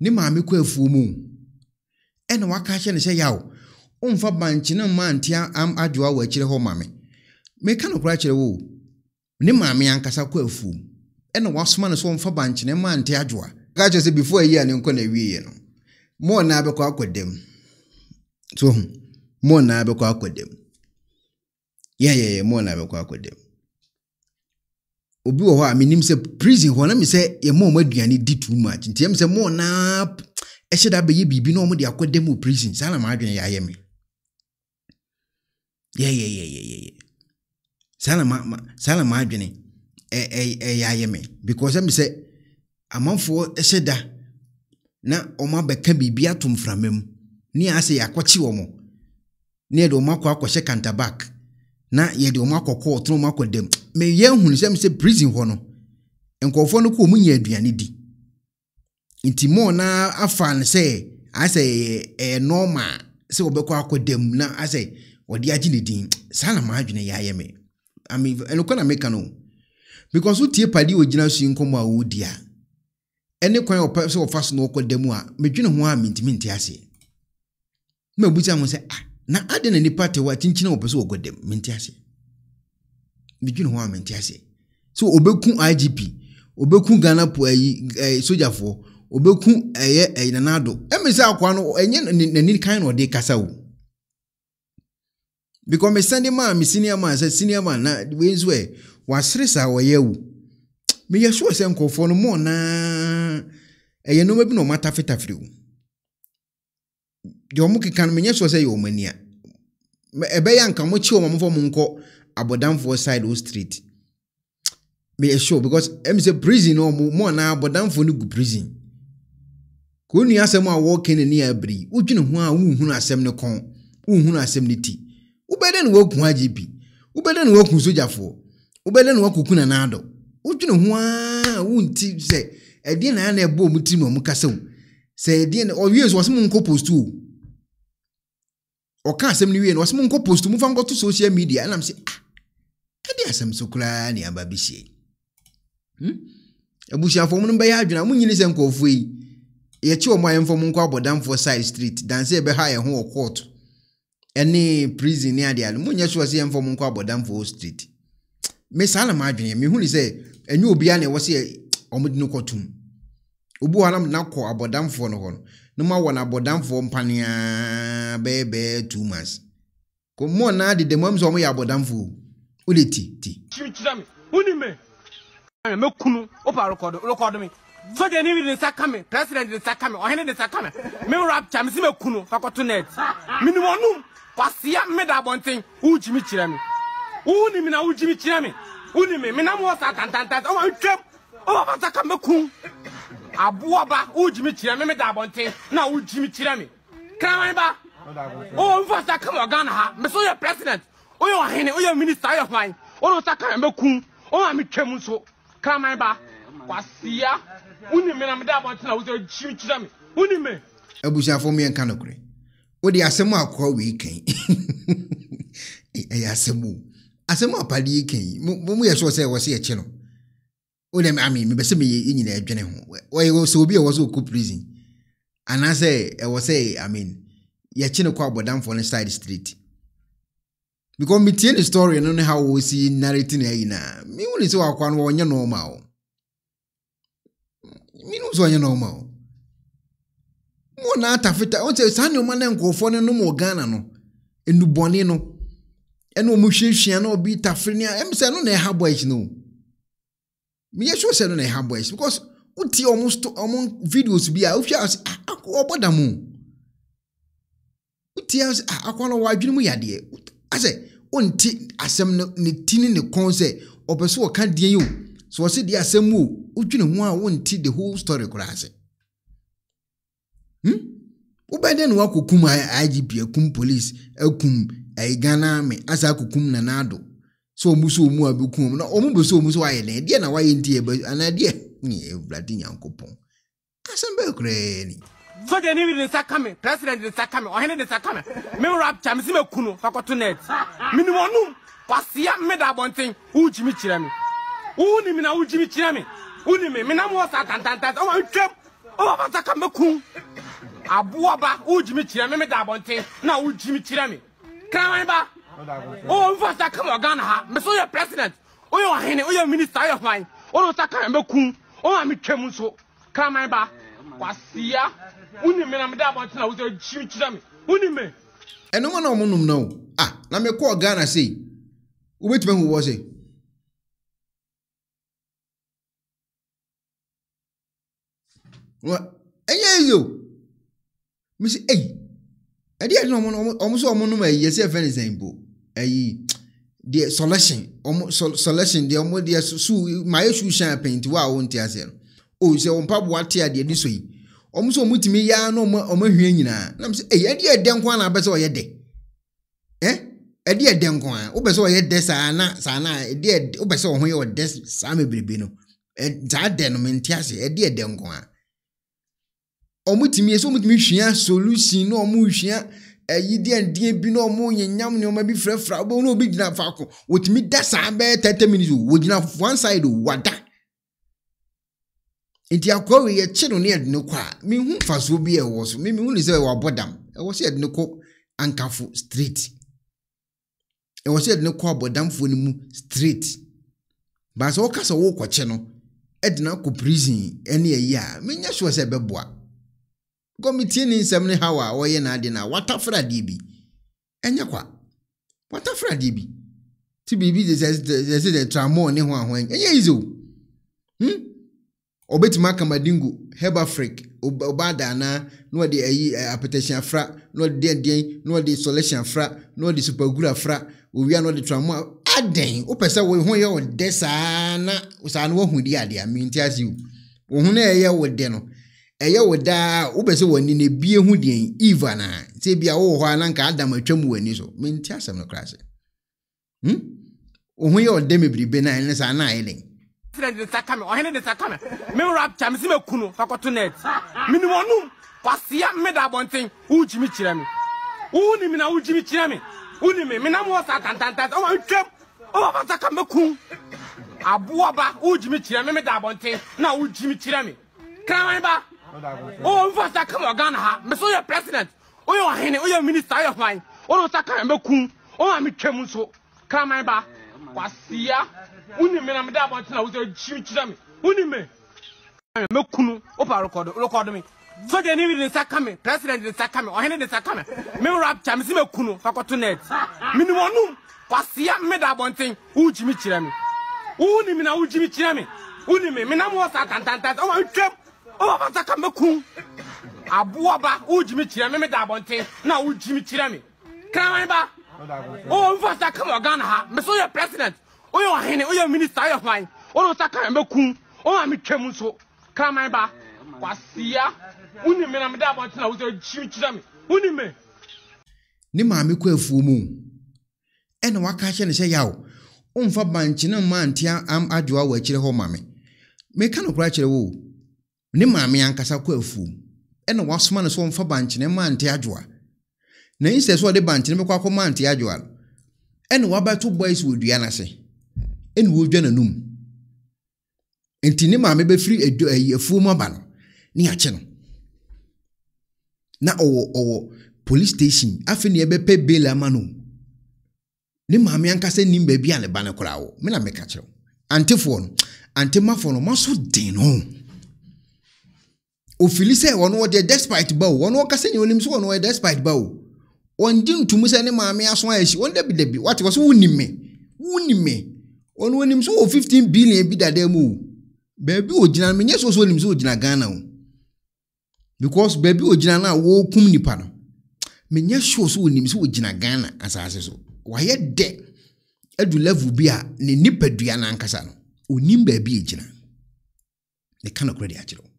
ne maame kɔ afuo mu ɛna waka ahyɛ no sɛ yaw ɔmfa bankye ne mma nte adwoa wɔ akyire hɔ maame meka nokora kyerɛ wo ne maame ankasa kɔ afuo mu ɛna wasoma no sɛ ɔmfa bankye ne mma nte adwoa ka kyerɛ sɛ before ayi a ne nkɔ na awieɛ no ma ɔnaa bɛkɔ akɔdam so ma ɔnaa bɛkɔ akɔdam yɛyɛyɛ ma ɔnaa akɔ akɔdam obi wɔ hɔ a menim sɛ prison hɔ na me sɛ yɛma ɔma aduane di too much nti ɛm sɛ ma ɔnaa ɛhyɛ da bɛyɛ biribi na ɔmde akɔda mu prison saa na maadwene yɛayɛ me yɛyɛyɛyɛyɛ saa na maadwene ɛyɛayɛ me because ɛm sɛ amanfoɔ ɛhyɛ da na ɔma bɛka biribi ato mframa mu ne yɛa sɛ yɛakɔkye wɔ mo ne yɛde ɔma akɔ akɔhyɛ kantabak na yɛde ɔma akɔ kɔɔto na ɔma akɔ dam meyɛ nhunu sɛ sɛ prison hɔ no nkurɔfoɔ no kɔ ya nya aduane di nti mɔɔ na afa no sɛ asɛ ɛyɛ nɔɔma sɛ wɔbɛkɔ na asɛ wɔde agye ne din saa na maadwene yɛ me ɛnokɔ na meka no because wotie padeɛ so yi nkɔmmɔ a wɔredi a ɛne kwan ɔpɛ na wɔkɔda mu a medwene ho a mentimi nte ase ho sɛ ah, na adɛn na nnipa te hɔ a kyinkyin a medwene ho a mente ase so obɛku igp obɛku ghana po ayi eh, ɛɛ eh, sogyafoɔ obɛku ɛyɛ eh, ɛyɛ nanado ɛmɛ sɛ akwa no ɛnyɛ n'ani kan na ɔde kasa o because me sɛnde maa me senior man sɛ senior man na wei wa ɛ wasere saa ɔyɛ o meyɛ sure sɛ nkɔfoɔ no mɔɔ naa ɛyɛ nneɛma bi na ɔmo atafetafere o deɛ ɔmo keka no menyɛ sure sɛ ɛyɛ ɔmo ania ɛbɛyɛ anka mo kyi ɔmo amofo mo nkɔ abɔdanfoɔ side o street meyɛ eh, sure because ɛmi eh, prison no ɔmo mo anaa abɔdanfoɔ no gu prison kò nua asɛm a wɔɔka ne ni abiri wodwene ho a wohunu asɛm ne kɔn wohunu asɛm ne ti wobɛdɛ ne wɔku agye bi wobɛdɛ ne wɔku sogyafoɔ wobɛdɛ ne wɔkuku na naadɔ wodwene ho a wonti sɛ ɛdeɛ na ana ɛbɔ ɔmo tirim ɔmo kasa o sɛ ɛdeɛ na ɔwie so wɔsɛm nkɔ post o ɔka asɛm no wie no wɔsɛm nkɔ post mu fa nkɔto social media ɛnam sɛ de asɛm so koraa ne aba bi hyɛ hmm? abusuafoɔ mu no bɛyɛ adwene a monyini sɛ nkurɔfoɔ yi yɛkye wɔ mu a nkɔ abɔdamfoɔ side street danse yɛbɛha yɛn ho wɔ court ɛne prison ne adeɛ ano monyɛ sure sɛ yɛmfa mu nkɔ abɔdamfoɔ street me saa na maadwene mehunu sɛ ɛnyɛ obiara na ɛwɔ sɛ ɔmode no kɔtom obi wɔ nam nakɔ abɔdamfoɔ no hɔ no na ma wɔ no abɔdamfoɔ mpaneaa bɛyɛ two months kɔmmɔ naa dedɛ mu amu sɛ ɔmo yɛ abɔdamfoɔ wole ti ti. mɛkunu o pa rekɔdo mi sɔjɛ ni de nsa kame president de nsa kame ɔhene de nsa kame mi rapture mi si mɛ kunu fakɔto net minimɔnum kwasiya mi da abɔnten w'u jimi mi w'u ni mi na w'u jimi kyerɛ mi w'u ni mi mi na mu wɔ sa tantantan ɔmɔ ntwɛm ɔmɔ bata ka mɛ kun aboɔba w'u jimi kyerɛ mi mi da abɔnten na w'u jimi kyerɛ mi kraman ba ɔmɔ nfa sa kama ɔgan na ha mɛ so yɛ president woyɛ ɔhene woyɛ minista woyɛ hwan wone sa kra mɛkum ɔma metwam nso kraman ba wasia wone me na mede abɔtena wo sɛ kyim kyerɛ me wone me abusuafoɔ mmiɛnka nokorɛ wode asɛm akoa wei kan ɛyɛ asɛm o asɛm apadeɛ kan mu yɛ soɔ sɛ wɔ sɛ yɛkye no wode ame mebɛ sɛ meyɛ nyinaa adwene e ho ɔyɛ sɛ obi a ɛwɔ ɔkɔ prison anaasɛ ɛwɔ e sɛ amen yɛkye no kɔ abɔdamfoɔ no side street because metie ne story no ne how wɔsi narrate no ayi naa mehu ne sɛ wakoa no wɔnyɛ nɔɔma o menom sɛ ɔnyɛ nɔɔma mo na atafeta wɔn sɛ saa nneɛma na nkurɔfoɔ no mo wɔ ghana no enubɔne no ɛna wɔn hwiahwia na ɔbi tafere ne a ɛm sɛ ɛno na ɛha bɔ akyi no meyɛ sure sɛ ɛno na ɛha bɔ because wotie wɔn sto wɔn videos bi a wohwɛ a sɛ ah ɔbɔ da mu wotie a sɛ ah akɔla wɔ adwene mu yadeɛ asɛ ɔnti asem no ne ti ne ne sɛ ɔpɛ so ɔka deɛ yi o a wonti the whole story koraa ase hmm wobɛn dɛ igp akum police akum ɛyi ghana ami akɔkum nana so ɔmu so ɔmu a bɛkum na ɔmu bɛ so ɔmu so ayɛ dɛ deɛ na wayɛ nti yɛ bɛ anaa deɛ nyɛ nyankopɔn asɛm ni. sọjà ni de nsa kame president de nsa kame ɔhene de nsa kame mi rapture mi si mi kunu kɔkɔto net minimu ɔnum kwasia mi da abɔnten wu jimi kyerɛ mi wu ni mi na wu jimi kyerɛ mi wu ni mi mi nam wɔ sa tantantan ɔmɔ ntwɛm ɔmɔ pata kame kun aboɔba wu jimi kyerɛ mi mi da abɔnten na wu jimi kyerɛ mi kraman ba ɔmɔ nfa sa kame wɔ ghana ha mi so yɛ president oyɛ ɔhene oyɛ minister oyɛ hwan ɔmɔ sa kame bɛ kun ɔmɔ mi twɛm nso kraman ba kwasia wonime na mede abɔtena wo sɛ kyim kyerɛ me wonime ɛnoma na ɔmonom no o ah na mekɔɔ ghana sei wobɛtumi ahu wɔ sɛ ɛnyɛ yi Misi, eyi ei ɛde ɛde na ɔmo ɔmo sɛ ɔmo nom ayi yɛsɛ ɛfɛ ne sɛn bo ayi deɛ solution ɔmo solution deɛ ɔmo deɛ su maa yɛ su hyɛn apɛnti wo a wɔn aseɛ no o oh, sɛ wɔn mpaboa te adeɛ di so yi wɔn nso wɔn tumi yaa na wɔn wɔn ahwie nyinaa nam sɛ ɛyɛ ɛdeɛ ɛdɛ nko ara na abɛ sɛ ɔyɛ dɛ ɛ ɛdeɛ ɛdɛ nko ara wobɛ sɛ ɔyɛ dɛ saa na saa na ɛdeɛ wobɛ sɛ ɔho yɛ ɔdɛ saa bebrebe no ɛ saa dɛ no mente ase ɛdeɛ ɛdɛ nko ara wɔn tumi sɛ wɔn tumi hwia solution na wɔn hwia ɛyi deɛ ndeɛ bi na wɔn nyanyam nneɛma bi firɛfirɛ abɔ na obi gyina faako wɔtumi da saa bɛyɛ thirty minutes o wɔgyina one side o wada. nti akwa wei yɛkye no ne yɛde no kɔ a mehu mfasoɔ bi a ɛwɔ so memehu ne sɛ wɔabɔ dam ɛwɔ sɛ yɛde no kɔ ankafo street ɛwɔ sɛ yɛde no kɔ abɔdamfoɔ street wɔka sɛ no prison ayi a menya soɔ sɛ ɛbɛboa gɔmitie ne nsɛm ne haw a wɔyɛ n'ade no a bi ɛnyɛ bi nti ɔbɛtumi aka madingo hebafric ɔbaada anaa na ɔde ayi eh, apɛtɛhyɛn afra na ɔde deɛdeɛn na ɔde sɔlɛhyɛn afra na ɔde supaguru afra owia na ɔde tramua adɛn wopɛ sɛ wo ho yɛ ɔdɛ saa na saa no wahu di adeɛ menti ase o wo ho no ɛyɛ wɔdɛ no ɛyɛ wo daa wopɛ sɛ wɔni na ebie ho deɛn eve anaa sɛ bia wowɔ hɔ a na nka adam atwa mu w'ani so menti asɛm no kora ase hmm? wo ho yɛ ɔdɛ mebiribe na ɛne saa na ayɛ den accident de sa kame ɔhene de sa kame me rapture me si me kunu fakɔto net minimu ɔnum kwasia me da abɔnten wugyi mi kyerɛ me wuni mi na wugyi mi kyerɛ me wuni mi mi nam wɔ sa tantantan ɔma ntwam ɔma fa sa kame kun aboɔ ba wugyi mi kyerɛ me me da abɔnten na wugyi mi kyerɛ me kraman ba ɔwɔ nfa sa kame ɔgan ha me so yɛ president oyɛ ɔhene oyɛ minister oyɛ hwan ɔno sa kame me kun ɔma mi twam nso kraman ba kwasia wuni mi na mi da abɔnten na wosɛ kyi kyerɛ mi wuni mi. mɛ kunu o pa rekɔdo rekɔdo mi sojɛ ni de nsa kame president de nsa kame ɔhene de nsa kame mi rapture mi si mɛ kunu fakɔto net minimɔnum kwasia mi da abɔnten o jimi kyerɛ mi wuni mi na o jimi kyerɛ mi wuni mi mi na mu wɔ sa tantantan ɔmɔ ntwɛm ɔmɔ bata kame kun aboɔba o jimi kyerɛ mi mi da abɔnten na o jimi kyerɛ mi kraman ba o nfa sa kame ɔgan na ha mɛ so yɛ president. onye ɔhene onye minista woyɛ onye wone wosa ka mɛkum ɔma metwam nso kraman ba kwasia wonime na mede abɔntena wo sɛ kyim kyerɛ me wonime ne maame kɔ afuo mu ɛna waka kyerɛ no sɛ yaw womfa bankyene mma nte adwoa wɔ akyirɛ hɔ ma me meka nokora kyerɛ wo ne maame ankasa kɔ afuo ɛna wasoma no sɛ ɔmfa bankyene mma nte adwoa na nsɛ sɛ ɔde bankyene bɛkɔ akɔma nte adwoa no ɛna wabɛto boys wɔ dua no ase ɛna wɔredwa n'anum nti ne maame bɛfiri adwa ɛyi eh, afuo mu aba no ne akye no na ɔwɔ ɔwɔ police station afei ne yɛbɛpɛ bail ama no ne maame ankasa nim baabi a ne ba no koraa wɔ me na meka kyerɛw antefoɔ no antemafoɔ no maso den no ofili sɛ wɔn wɔde despite ba o wɔn wɔkasa nyɛ onim so wɔn wɔyɛ despite ba o wɔn di ntumu sɛ ne maame aso ayɛ si wɔn dabi dabi wate wɔ so wunim me wunim me ɔno onim sɛ wɔ fifteen billion bi dada mu o baabi ogyina no menyɛ sɛ ɔsɛ onim sɛ ogyina ghana o because baabi ogyina no a wɔrekum nipa no menyɛ sure sɛ onim sɛ ogyina ghana asase so wayɛ dɛ adu level bi a ne nipadua no ankasa no onim baabi egyina ne ka nokorɛ de akyerɛ